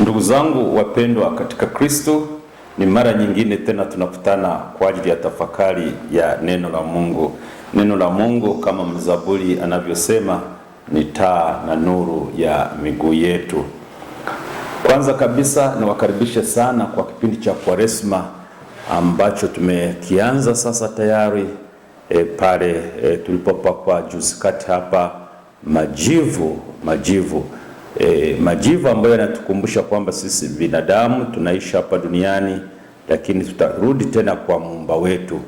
Ndugu zangu wapendwa katika Kristo, ni mara nyingine tena tunakutana kwa ajili ya tafakari ya neno la Mungu. Neno la Mungu kama mzaburi anavyosema ni taa na nuru ya miguu yetu. Kwanza kabisa niwakaribishe sana kwa kipindi cha Kwaresma ambacho tumekianza sasa tayari e, pale e, tulipopakwa juzi kati hapa majivu majivu e, majivu ambayo yanatukumbusha kwamba sisi binadamu tunaishi hapa duniani, lakini tutarudi tena kwa muumba wetu.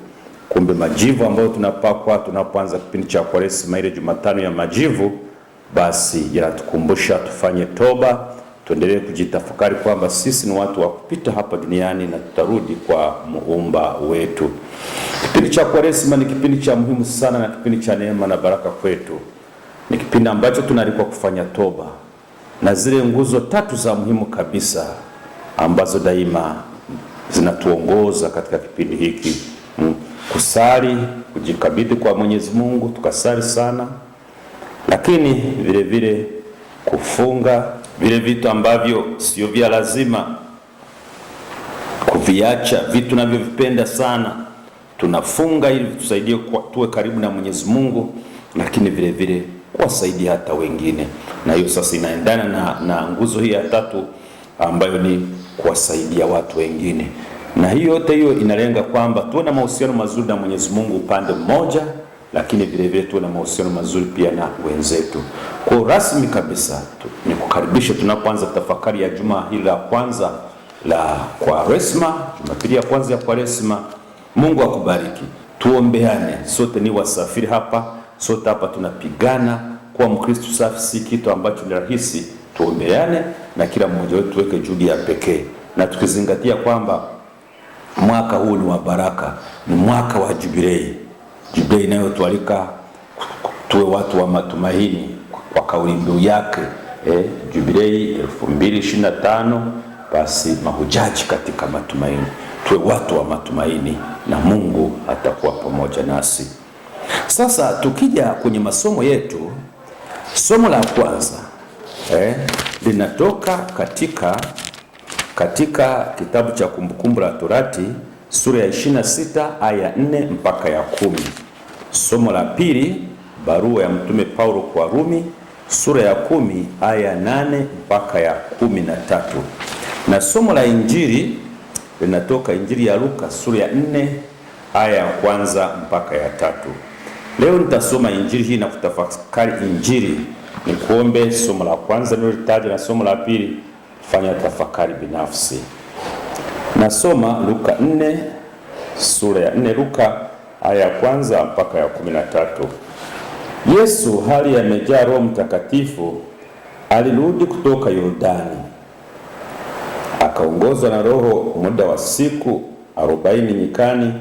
Kumbe majivu ambayo tunapakwa tunapoanza kipindi cha Kwaresma, ile Jumatano ya majivu, basi yanatukumbusha tufanye toba tuendelee kujitafakari kwamba sisi ni watu wa kupita hapa duniani na tutarudi kwa muumba wetu. Kipindi cha Kwaresima ni kipindi cha muhimu sana na kipindi cha neema na baraka kwetu. Ni kipindi ambacho tunaalikwa kufanya toba na zile nguzo tatu za muhimu kabisa ambazo daima zinatuongoza katika kipindi hiki: mm, kusali, kujikabidhi kwa Mwenyezi Mungu, tukasali sana, lakini vile vile kufunga vile vitu ambavyo sio vya lazima kuviacha, vitu navyovipenda sana tunafunga ili tusaidie tuwe karibu na Mwenyezi Mungu, lakini vile vile kuwasaidia hata wengine, na hiyo sasa inaendana na, na nguzo hii ya tatu ambayo ni kuwasaidia watu wengine, na hiyo yote hiyo inalenga kwamba tuwe na mahusiano mazuri na Mwenyezi Mungu upande mmoja lakini vile vile tuwe na mahusiano mazuri pia na wenzetu. Kwa rasmi kabisa ni kukaribisha tunapoanza tafakari ya juma hili la kwanza la Kwaresma, Jumapili ya kwanza ya Kwaresma. Mungu akubariki. Tuombeane sote, ni wasafiri hapa, sote hapa tunapigana kuwa Mkristo safi, si kitu ambacho ni rahisi. Tuombeane na kila mmoja wetu tuweke juhudi ya pekee, na tukizingatia kwamba mwaka huu ni wa baraka, ni mwaka wa jubilei Biblia inayotualika tuwe watu wa matumaini kwa kauli mbiu yake eh, Jubilei 2025 basi mahujaji katika matumaini. Tuwe watu wa matumaini na Mungu atakuwa pamoja nasi. Sasa tukija kwenye masomo yetu, somo la kwanza eh, linatoka katika katika kitabu cha Kumbukumbu la Torati sura ya 26 aya ya 4 mpaka ya kumi. Somo la pili, barua ya mtume Paulo kwa Rumi sura ya kumi aya 8 mpaka ya kumi na tatu, na somo la injili linatoka injili ya Luka sura ya 4 aya ya kwanza mpaka ya tatu. Leo nitasoma injili hii na kutafakari injili. Nikuombe somo la kwanza nilitaja na somo la pili fanya tafakari binafsi. Nasoma Luka 4 sura ya 4, Luka aya ya kwanza mpaka ya 13. Yesu hali amejaa Roho Mtakatifu alirudi kutoka Yordani, akaongozwa na Roho muda wa siku arobaini nyikani,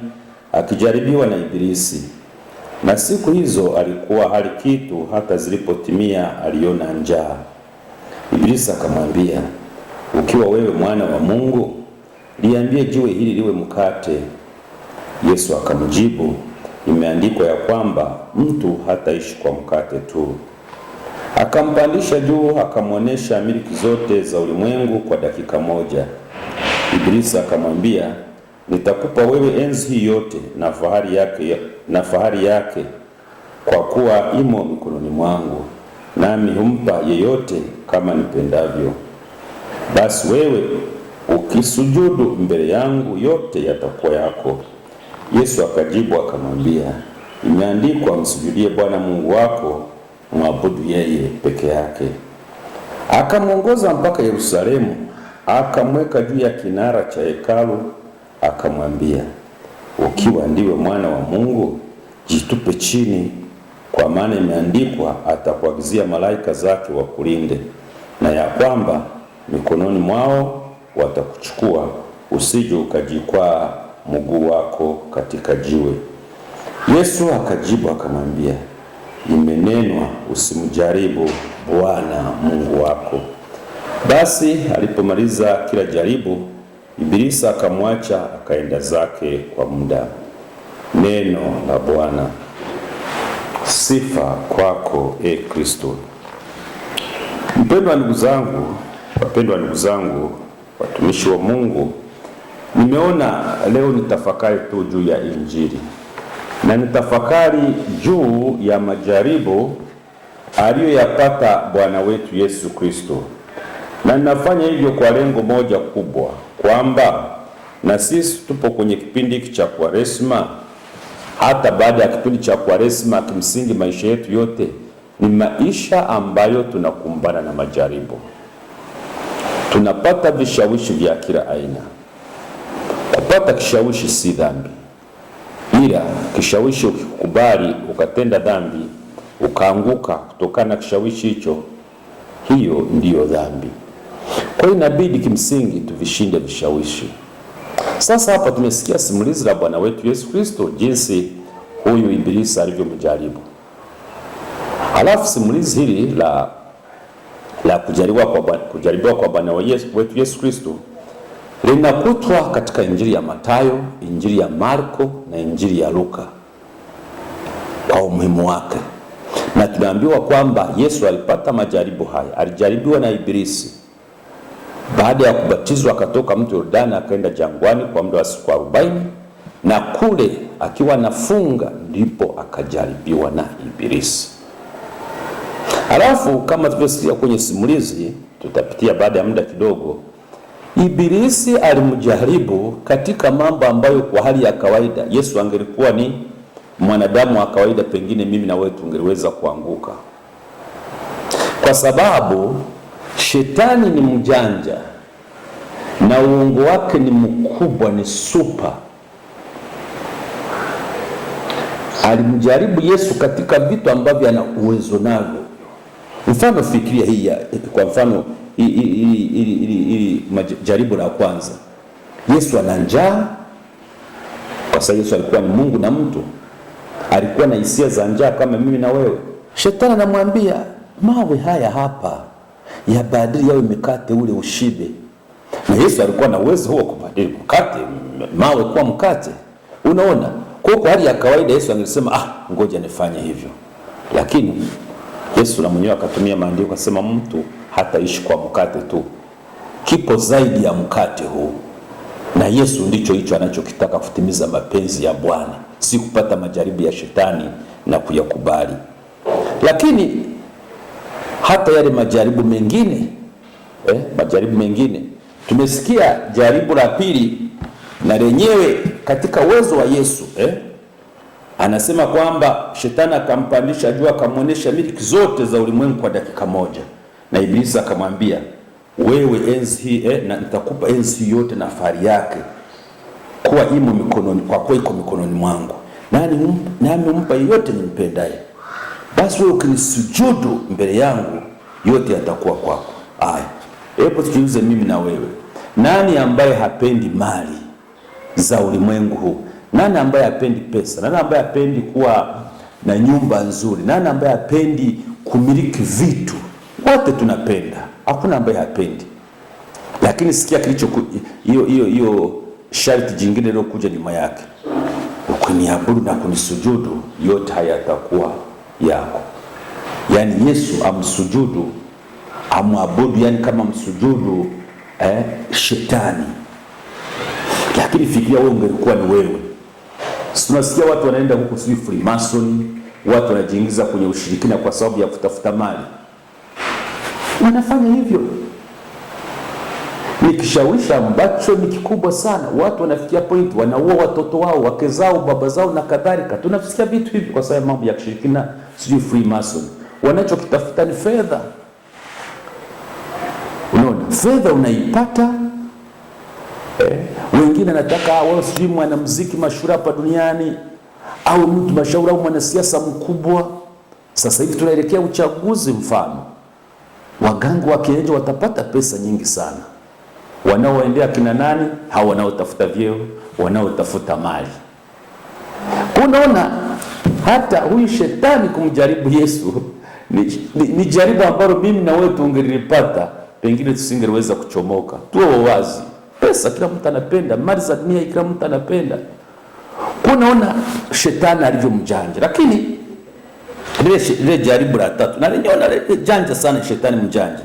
akijaribiwa na Ibilisi. Na siku hizo alikuwa hali kitu, hata zilipotimia aliona njaa. Ibilisi akamwambia, ukiwa wewe mwana wa Mungu liambie jiwe hili liwe mkate. Yesu akamjibu, imeandikwa ya kwamba mtu hataishi kwa mkate tu. Akampandisha juu, akamwonyesha miliki zote za ulimwengu kwa dakika moja. Ibilisi akamwambia, nitakupa wewe enzi hii yote na fahari yake, na fahari yake kwa kuwa imo mikononi mwangu, nami humpa yeyote kama nipendavyo. Basi wewe ukisujudu mbele yangu yote yatakuwa yako. Yesu akajibu akamwambia, imeandikwa, msujudie Bwana Mungu wako, mwabudu yeye peke yake. Akamwongoza mpaka Yerusalemu, akamweka juu ya kinara cha hekalu, akamwambia, ukiwa ndiwe mwana wa Mungu, jitupe chini, kwa maana imeandikwa, atakuagizia malaika zake wakulinde, na ya kwamba mikononi mwao watakuchukua, usije ukajikwaa mguu wako katika jiwe. Yesu akajibu akamwambia, imenenwa, usimjaribu Bwana Mungu wako. Basi alipomaliza kila jaribu, Ibilisi akamwacha akaenda zake kwa muda. Neno la Bwana. Sifa kwako e Kristo. Mpendwa ndugu zangu, wapendwa ndugu zangu watumishi wa Mungu, nimeona leo nitafakari tu juu ya Injili na nitafakari juu ya majaribu aliyoyapata Bwana wetu Yesu Kristo, na ninafanya hivyo kwa lengo moja kubwa, kwamba na sisi tupo kwenye kipindi hiki cha Kwaresma. Hata baada ya kipindi cha Kwaresma, kimsingi maisha yetu yote ni maisha ambayo tunakumbana na majaribu tunapata vishawishi vya kila aina. Kupata kishawishi si dhambi, ila kishawishi ukikubali ukatenda dhambi ukaanguka kutokana na kishawishi hicho, hiyo ndiyo dhambi. Kwa hiyo inabidi kimsingi tuvishinde vishawishi. Sasa hapa tumesikia simulizi la Bwana wetu Yesu Kristo, jinsi huyu Ibilisi alivyomjaribu. Halafu simulizi hili la la kujaribiwa kwa, kujaribiwa kwa Bwana wetu Yesu Kristo linakutwa katika Injili ya Mathayo, Injili ya Marko na Injili ya Luka kwa umuhimu wake, na tunaambiwa kwamba Yesu alipata majaribu haya. Alijaribiwa na Ibilisi baada ya kubatizwa, akatoka mto Yordani akaenda jangwani kwa muda wa siku arobaini, na kule akiwa nafunga ndipo akajaribiwa na Ibilisi. Halafu kama tulivyosikia kwenye simulizi, tutapitia baada ya muda kidogo, Ibilisi alimjaribu katika mambo ambayo kwa hali ya kawaida Yesu angelikuwa ni mwanadamu wa kawaida, pengine mimi na wewe tungeweza kuanguka, kwa sababu shetani ni mjanja na uongo wake ni mkubwa, ni super. Alimjaribu Yesu katika vitu ambavyo ana uwezo navyo Mfano fikiria hii, kwa mfano ili jaribu la kwanza, Yesu ana njaa kwa sababu Yesu alikuwa ni Mungu na mtu, alikuwa na hisia za njaa kama mimi na wewe. Shetani anamwambia mawe haya hapa yabadili yawe mkate ule ushibe, na Yesu alikuwa na uwezo huo kubadili mkate mawe kuwa mkate. Unaona, kwa hali ya kawaida Yesu angesema ah, ngoja nifanye hivyo, lakini Yesu na mwenyewe akatumia maandiko akasema, mtu hataishi kwa mkate tu, kipo zaidi ya mkate huu. Na Yesu ndicho hicho anachokitaka kutimiza mapenzi ya Bwana, si kupata majaribu ya shetani na kuyakubali. Lakini hata yale majaribu mengine eh, majaribu mengine tumesikia jaribu la pili na lenyewe katika uwezo wa Yesu eh, anasema kwamba shetani akampandisha juu akamwonyesha miliki zote za ulimwengu kwa dakika moja, na Ibilisi akamwambia wewe enzi hii eh, na nitakupa enzi hii yote na fahari yake, kuwa imo mikononi kwa kwako, iko mikononi mwangu, nani um, nami umpa yote nimpendaye. Basi wewe ukinisujudu mbele yangu, yote yatakuwa kwako. Aya, hebu tujiulize mimi na wewe, nani ambaye hapendi mali za ulimwengu huu? Nani ambaye apendi pesa? Nani ambaye apendi kuwa na nyumba nzuri? Nani ambaye apendi kumiliki vitu? Wote tunapenda, hakuna ambaye hapendi. Lakini sikia kilicho hiyo hiyo hiyo sharti jingine lilokuja nyuma yake, ukiniabudu na kunisujudu yote haya yatakuwa yako. Yaani Yesu amsujudu, amwabudu, yani kama msujudu eh, shetani. Lakini fikiria wewe ungekuwa ni wewe Tunasikia watu wanaenda huko sijui Freemason, watu wanajiingiza kwenye ushirikina kwa sababu ya kutafuta mali. Wanafanya hivyo, ni kishawishi ambacho ni kikubwa sana. Watu wanafikia point wanaua watoto wao, wake zao, baba zao na kadhalika. Tunasikia vitu hivi kwa sababu ya mambo ya kishirikina, sijui Freemason. Wanachokitafuta ni fedha. Unaona, fedha unaipata wengine nataka wao sijui mwanamuziki mashuhuri hapa duniani au mtu mashauri au mwanasiasa mkubwa. Sasa hivi tunaelekea uchaguzi, mfano waganga wa kienyeji watapata pesa nyingi sana, wanaoendea kina nani? Hao wanaotafuta vyeo, wanaotafuta mali. Unaona, hata huyu shetani kumjaribu Yesu ni, ni, ni jaribu ambalo mimi na wewe tungelipata, pengine tusingeweza kuchomoka. Tuwe wazi pesa kila mtu anapenda, mali za dunia kila mtu anapenda. Kunaona shetani alivyo mjanja, lakini lile jaribu la tatu na lenyewe janja sana, shetani mjanja,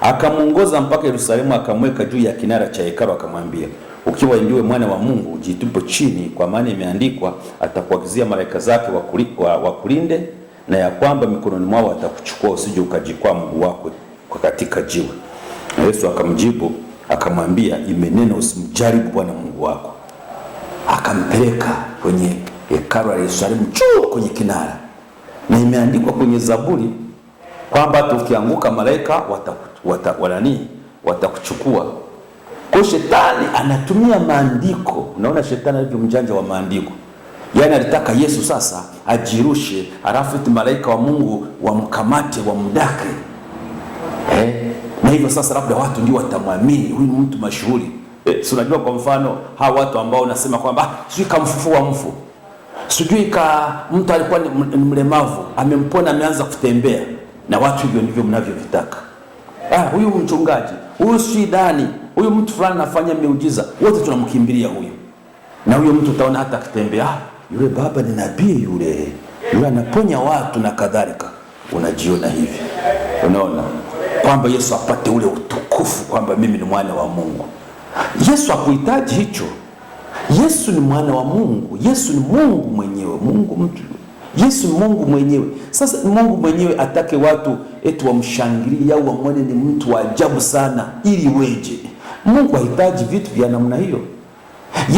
akamuongoza mpaka Yerusalemu, akamweka juu ya kinara cha hekalu, akamwambia ukiwa ndiwe mwana wa Mungu ujitupe chini, kwa maana imeandikwa, atakuagizia malaika zake wakulinde, na ya kwamba mikononi mwao atakuchukua usije ukajikwaa mguu wako katika jiwe. Yesu akamjibu akamwambia, imenena usimjaribu Bwana Mungu wako. Akampeleka kwenye hekalu la Yerusalemu juu kwenye kinara, na imeandikwa kwenye Zaburi kwamba tukianguka malaika wanani watakuchukua. Kwa shetani anatumia maandiko. Unaona shetani alivyo mjanja wa maandiko, yaani alitaka Yesu sasa ajirushe, alafu malaika wa Mungu wamkamate wamdake eh? na hivyo sasa labda watu ndio watamwamini huyu mtu mashuhuri. E, si unajua kwa mfano hawa watu ambao unasema kwamba ah, sijui kamfufua mfu sijui ka mtu alikuwa ni mlemavu amempona ameanza kutembea, na watu hivyo ndivyo mnavyovitaka. Ah, huyu mchungaji huyu sidani huyu mtu fulani anafanya miujiza, wote tunamkimbilia huyu na huyo mtu utaona hata akitembea, ah, yule baba ni nabii yule, yule anaponya watu na kadhalika. Unajiona hivi, unaona kwamba Yesu apate ule utukufu kwamba mimi ni mwana wa Mungu. Yesu hakuhitaji hicho. Yesu ni mwana wa Mungu. Yesu ni Mungu mwenyewe, Mungu mtu. Yesu ni Mungu mwenyewe. Sasa Mungu mwenyewe atake watu eti wamshangilie au wamwone ni mtu wa ajabu sana ili weje? Mungu hahitaji vitu vya namna hiyo.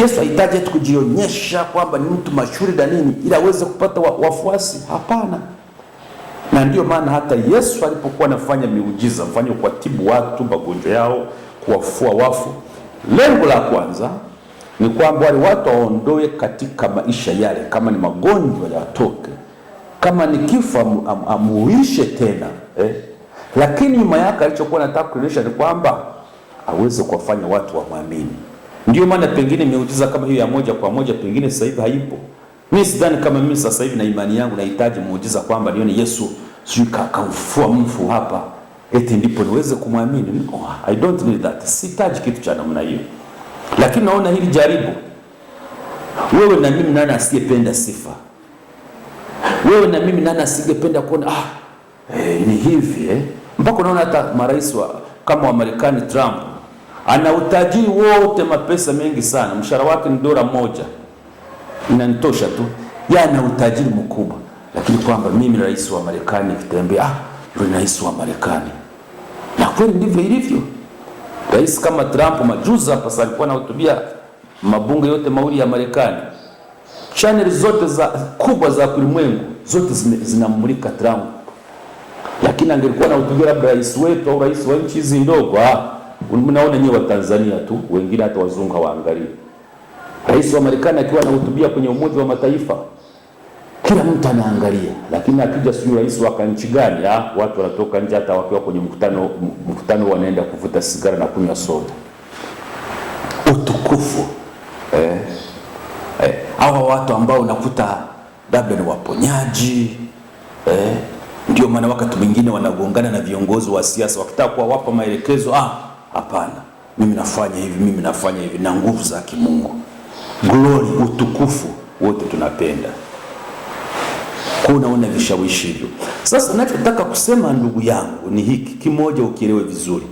Yesu hahitaji eti kujionyesha kwamba ni mtu mashuhuri na nini ili aweze kupata wafuasi. Hapana na ndiyo maana hata Yesu alipokuwa anafanya miujiza, mfano kuwatibu watu magonjwa yao, kuwafua wafu, lengo la kwanza ni kwamba wale watu waondoe katika maisha yale, kama ni magonjwa yatoke, kama ni kifo am, am, amuishe tena eh? Lakini nyuma yake alichokuwa anataka kuonyesha ni kwamba aweze kuwafanya watu wamwamini. Ndio maana pengine miujiza kama hiyo ya moja kwa moja pengine sasa hivi haipo. Mimi sidhani kama mimi sasa hivi na imani yangu nahitaji muujiza kwamba nione Yesu sijui kakamfua mfu hapa eti ndipo niweze kumwamini. No, ah, I don't need that. Sitaji kitu cha namna hiyo, lakini naona hili jaribu. Wewe na mimi nani asiyependa sifa? Wewe na mimi nani asingependa kuona ah, eh, ni hivi eh? Mpaka unaona hata marais wa kama wa Marekani Trump ana utajiri wote, mapesa mengi sana, mshahara wake ni dola moja, inanitosha tu, yana utajiri mkubwa lakini kwamba mimi rais wa Marekani nikitembea, ah, yule rais wa Marekani. Na kweli ndivyo ilivyo. Rais kama Trump majuzi hapa sasa alikuwa anahutubia mabunge yote mawili ya Marekani. Channel zote za kubwa za ulimwengu zote zinamulika Trump, lakini angelikuwa anahutubia labda rais wetu au rais wa nchi hizi ndogo, ah, unaona nyewe wa Tanzania tu, wengine hata wazungu hawaangalie. Rais wa Marekani akiwa anahutubia kwenye Umoja wa Mataifa kila mtu anaangalia, lakini akija sijui rais wa nchi gani, ah, watu wanatoka nje, hata wakiwa kwenye mkutano mkutano wanaenda kuvuta sigara na kunywa soda. Utukufu eh, eh, hawa watu ambao unakuta labda ni waponyaji eh, ndio maana wakati mwingine wanagongana na viongozi wa siasa wakitaka kuwapa maelekezo. Ah, hapana, mimi nafanya hivi, mimi nafanya hivi na nguvu za kimungu. Glory, utukufu wote tunapenda kwa unaona vishawishi hivyo. Sasa ninachotaka kusema ndugu yangu ni hiki kimoja, ukielewe vizuri,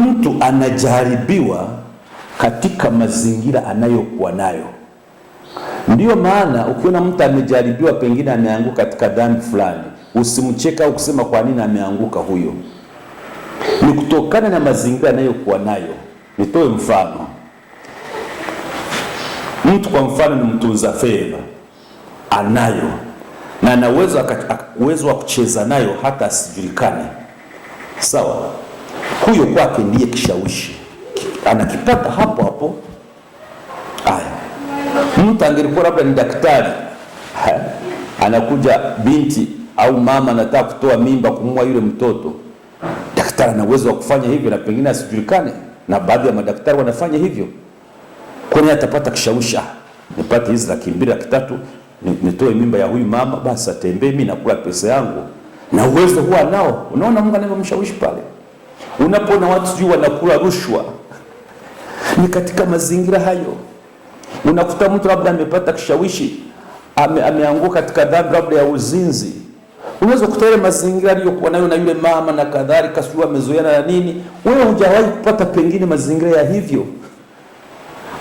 mtu anajaribiwa katika mazingira anayokuwa nayo. Ndiyo maana ukiona mtu amejaribiwa, pengine ameanguka katika dhambi fulani, usimcheka au kusema kwa nini ameanguka huyo. Ni kutokana na mazingira anayokuwa nayo. Nitoe mfano, mtu kwa mfano ni mtunza fedha anayo na ana uwezo wa kucheza nayo hata asijulikane. Sawa, huyo kwake ndiye kishawishi, anakipata hapo hapo. Aya, mtu angelikuwa labda ni daktari ha, anakuja binti au mama anataka kutoa mimba kumua yule mtoto, daktari ana uwezo wa kufanya hivyo na pengine asijulikane, na baadhi ya madaktari wanafanya hivyo, kwani atapata kishawisha ah, nipate hizi laki mbili laki tatu nitoe mimba ya huyu mama, basi atembee, mimi nakula pesa yangu. Na uwezo huwa nao. Unaona Mungu anavyomshawishi pale. Unapoona watu sijui wanakula rushwa, ni katika mazingira hayo. Unakuta mtu labda amepata kishawishi, ame, ameanguka katika dhambi labda ya uzinzi. Unaweza kukuta ile mazingira aliyokuwa nayo na yule mama na kadhalika, sijui amezoeana na nini. Wewe hujawahi kupata pengine mazingira ya hivyo,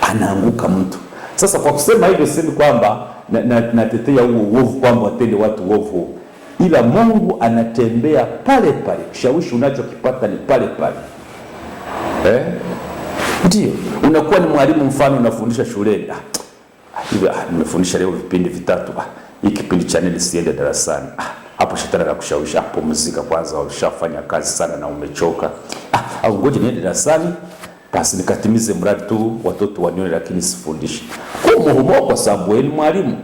anaanguka mtu. Sasa kwa kusema hivyo, sisemi kwamba natetea na, na huo uovu kwamba watende watu uovu, ila Mungu anatembea pale pale, ushawishi unachokipata ni pale pale eh? Ndio unakuwa ni mwalimu, mfano unafundisha shuleni ah, hivi ah, nimefundisha leo vipindi vitatu ah, hii kipindi cha nini siende darasani ah, hapo shetani anakushawisha pumzika kwanza, ushafanya kazi sana na umechoka ah, au ngoje niende darasani basi nikatimize mradi tu watoto wanione, lakini sifundishi. Kwa muhimu kwa sababu wewe ni mwalimu,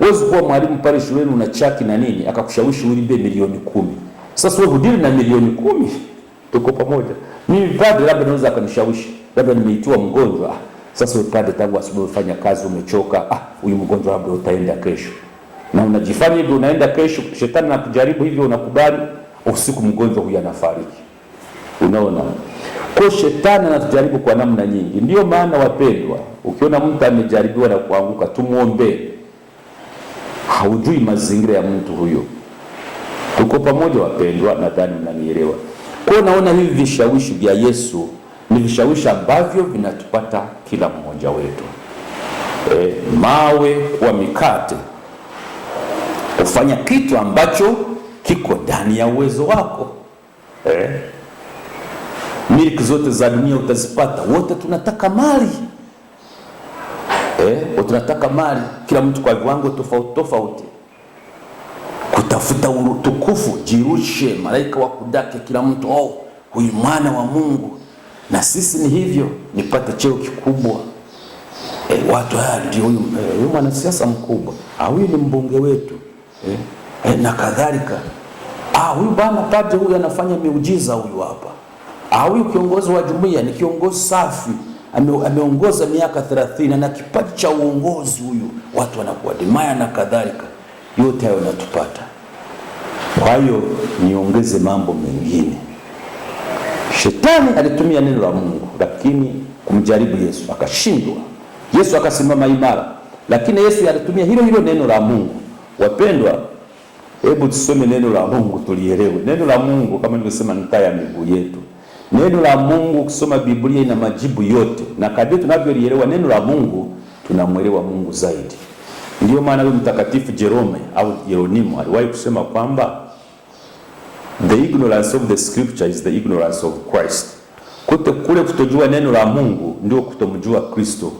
wewe kuwa mwalimu pale shuleni una chaki na nini, akakushawishi ulibe milioni kumi. Sasa wewe hudili na milioni kumi, tuko pamoja. Mimi padre labda naweza akanishawishi, labda nimeitiwa mgonjwa. Ah, sasa wewe padre, tangu asubuhi ufanya kazi, umechoka. Ah, huyu mgonjwa labda utaenda kesho, na unajifanya hivyo, unaenda kesho, shetani anakujaribu hivyo, unakubali. Usiku mgonjwa huyu anafariki, unaona kwa shetani anatujaribu kwa namna nyingi. Ndiyo maana wapendwa, ukiona mtu amejaribiwa na kuanguka, tumuombe. Haujui mazingira ya mtu huyo. Tuko pamoja wapendwa, nadhani mnanielewa. Kwa naona hivi vishawishi vya Yesu ni vishawishi ambavyo vinatupata kila mmoja wetu. E, mawe kwa mikate, kufanya kitu ambacho kiko ndani ya uwezo wako e miliki zote za dunia utazipata. Wote tunataka mali eh, wote tunataka mali, kila mtu kwa viwango tofauti tofauti, kutafuta utukufu. Jirushe malaika wa wakudake, kila mtu oh, huyu mwana wa Mungu. Na sisi ni hivyo, nipate cheo kikubwa eh, watu haya ndio huyu eh, huyu mwanasiasa mkubwa au ah, huyu ni mbunge wetu eh, eh, na kadhalika. Ah, huyu bwana padre huyu anafanya miujiza huyu hapa au kiongozi wa jumuiya ni kiongozi safi, ameongoza miaka 30 na kipaji cha uongozi huyu, watu wanakuwa dimaya na kadhalika, yote hayo yanatupata. Kwa hiyo niongeze mambo mengine, shetani alitumia neno la Mungu lakini kumjaribu Yesu akashindwa. Yesu akasimama imara, lakini Yesu alitumia hilo hilo neno la Mungu. Wapendwa, hebu tusome neno la Mungu tulielewe. Neno la Mungu kama nilivyosema, ni taa ya miguu yetu. Neno la Mungu, kusoma Biblia ina majibu yote, na kadri tunavyolielewa neno la Mungu tunamwelewa Mungu zaidi. Ndiyo maana huyo mtakatifu Jerome au Jeronimo aliwahi kusema kwamba the ignorance of the scripture is the ignorance of Christ, kote kule kutojua neno la Mungu ndio kutomjua Kristo.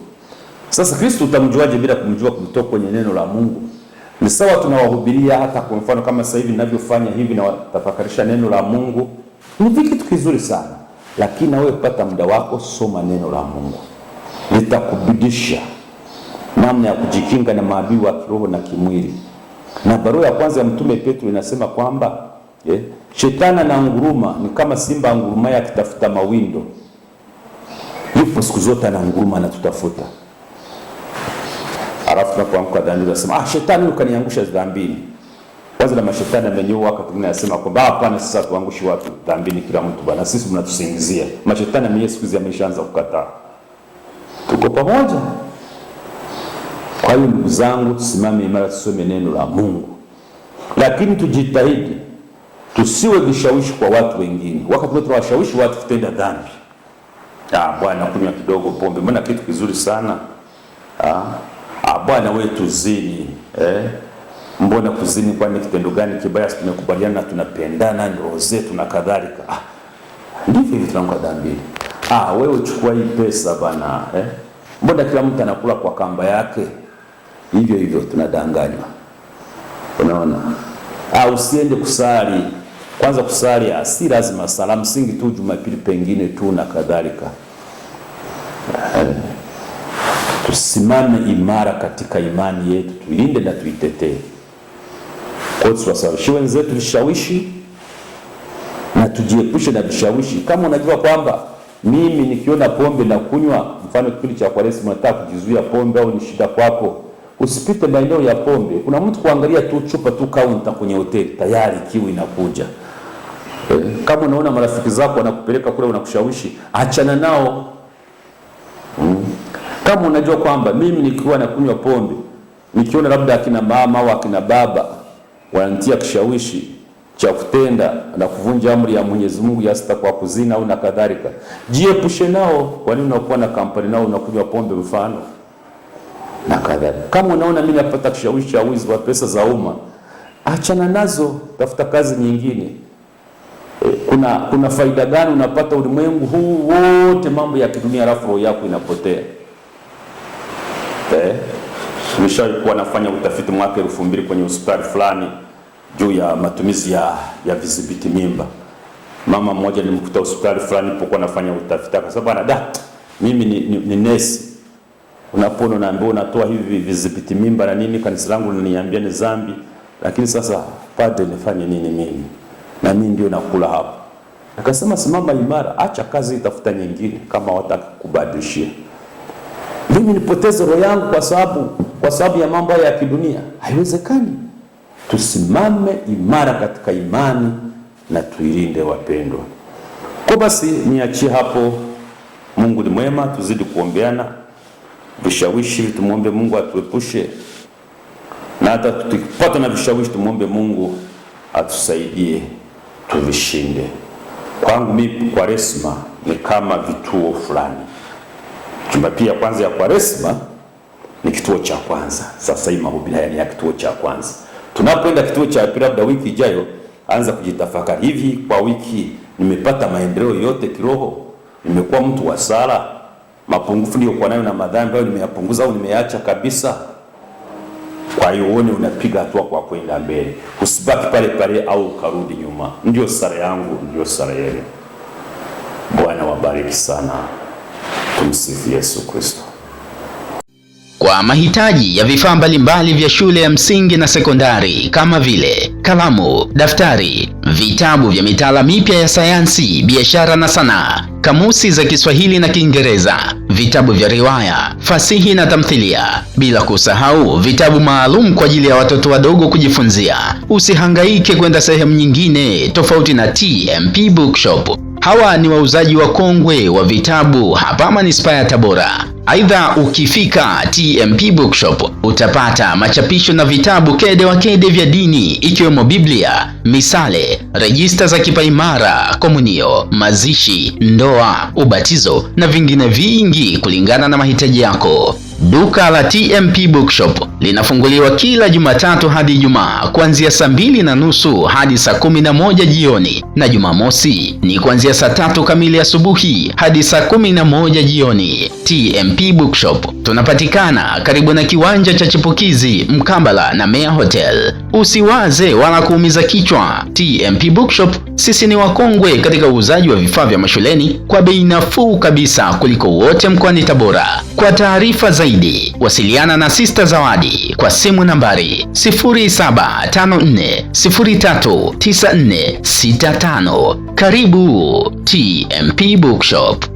Sasa Kristo utamjuaje bila kumjua kutoka kwenye neno la Mungu? Ni sawa tunawahubiria, hata kwa mfano kama sasa hivi ninavyofanya hivi na watafakarisha neno la Mungu, ni kitu kizuri sana lakini wewe pata muda wako, soma neno la Mungu, litakubidisha namna ya kujikinga na maadui wa kiroho na kimwili. Na barua ya kwanza ya mtume Petro inasema kwamba eh, shetani nguruma ni kama simba angurumaye akitafuta mawindo. Yupo siku zote na anatutafuta. Alafu tunapoamka dhambi tunasema ah, shetani ukaniangusha dhambini. Wazi la mashetani amenyoa wakati mwingine anasema kwamba hapana, sasa tuangushi watu dhambini kila mtu bwana, sisi mnatusingizia. Mashetani mwenyewe siku hizi ameshaanza kukataa. Tuko pamoja. Kwa hiyo ndugu zangu, tusimame imara, tusome neno la Mungu, lakini tujitahidi tusiwe vishawishi kwa watu wengine. Wakati wote tunawashawishi watu kutenda dhambi. Ah, bwana kunywa kidogo pombe, mbona kitu kizuri sana. Ah, ah bwana wetu zini, eh Mbona kuzini? Kwani kitendo gani kibaya? Tumekubaliana, tunapendana, ni roho zetu na kadhalika. Ah, ndivyo hivi tunakuwa dhambi. Ah, wewe chukua hii pesa bana, eh? Mbona kila mtu anakula kwa kamba yake? Hivyo hivyo tunadanganywa, unaona. Ah, usiende kusali kwanza, kusali ah, si lazima sala msingi tu, Jumapili pengine tu na kadhalika. Eh, tusimame imara katika imani yetu, tuilinde na tuitetee. Kwa hiyo tuwashawishi wenzetu vishawishi na tujiepushe na vishawishi. Kama unajua kwamba mimi nikiona pombe na kunywa, mfano kipindi cha Kwaresima nataka kujizuia pombe au ni shida kwako, usipite maeneo ya pombe. Kuna mtu kuangalia tu chupa tu kaunta kwenye hoteli, tayari kiu inakuja. Eh, kama unaona marafiki zako wanakupeleka kule, wanakushawishi, achana nao. Hmm. Kama unajua kwamba mimi nikiwa nakunywa pombe, nikiona labda akina mama au akina baba wanantia kishawishi cha kutenda na kuvunja amri ya Mwenyezi Mungu ya sita kwa kuzina au na kadhalika. Jiepushe nao. Kwa nini unakuwa na kampani nao unakunywa pombe mfano na kadhalika? Kama unaona mimi napata kishawishi cha wizi wa pesa za umma, achana nazo, tafuta kazi nyingine. E, kuna kuna faida gani unapata ulimwengu huu wote mambo ya kidunia, alafu roho yako inapotea. Eh? Nimeshaikuwa nafanya utafiti mwaka elfu mbili kwenye hospitali fulani juu ya matumizi ya, ya vizibiti mimba. Mama mmoja nilimkuta hospitali fulani nilipokuwa nafanya utafiti, akasema bwana, da mimi ni, ni, ni nesi unapona unaambiwa unatoa hivi vizibiti mimba na nini, kanisa langu linaniambia ni dhambi, lakini sasa padre, nifanye nini mimi? Na mimi ndio nakula hapa. Akasema simama imara, acha kazi, itafuta nyingine kama watakubadilishia. Mimi nipoteze roho yangu kwa sababu kwa sababu ya mambo ya kidunia. Haiwezekani. Tusimame imara katika imani na tuilinde, wapendwa. Kwa basi niachie hapo. Mungu ni mwema, tuzidi kuombeana vishawishi, tumwombe Mungu atuepushe, na hata tukipata na vishawishi tumwombe Mungu atusaidie tuvishinde. Kwangu mimi Kwaresma ni kama vituo fulani. Jumapili ya kwanza ya Kwaresma ni kituo cha kwanza. Sasa hii mahubiri haya ni ya kituo cha kwanza. Tunapoenda kituo cha pili, labda wiki ijayo, anza kujitafakari, hivi kwa wiki nimepata maendeleo yote kiroho? Nimekuwa mtu wa sala? Mapungufu niliyokuwa nayo na madhambi ambayo nimeyapunguza au nimeacha kabisa? Kwa hiyo uone unapiga hatua kwa kwenda mbele, usibaki pale pale au ukarudi nyuma. Ndio sala yangu, ndio sala yenu. Bwana wabariki sana. Tumsifu Yesu Kristo kwa mahitaji ya vifaa mbalimbali vya shule ya msingi na sekondari kama vile kalamu, daftari, vitabu vya mitaala mipya ya sayansi, biashara na sanaa, kamusi za Kiswahili na Kiingereza, vitabu vya riwaya, fasihi na tamthilia, bila kusahau vitabu maalum kwa ajili ya watoto wadogo kujifunzia. Usihangaike kwenda sehemu nyingine tofauti na TMP Bookshop. Hawa ni wauzaji wakongwe wa vitabu hapa manispaa ya Tabora. Aidha, ukifika TMP Bookshop utapata machapisho na vitabu kede wa kede vya dini ikiwemo Biblia, misale, rejista za kipaimara, komunio, mazishi, ndoa, ubatizo na vingine vingi kulingana na mahitaji yako. Duka la TMP Bookshop linafunguliwa kila Jumatatu hadi Ijumaa kuanzia saa mbili na nusu hadi saa kumi na moja jioni na Jumamosi ni kuanzia saa tatu kamili asubuhi hadi saa kumi na moja jioni. TMP Bookshop tunapatikana karibu na kiwanja cha Chipukizi mkabala na Mea Hotel. Usiwaze wala kuumiza kichwa. TMP Bookshop sisi ni wakongwe katika uuzaji wa vifaa vya mashuleni kwa bei nafuu kabisa kuliko wote mkoani Tabora. Kwa taarifa zaidi wasiliana na Sister Zawadi hadi kwa simu nambari tano Karibu TMP Bookshop.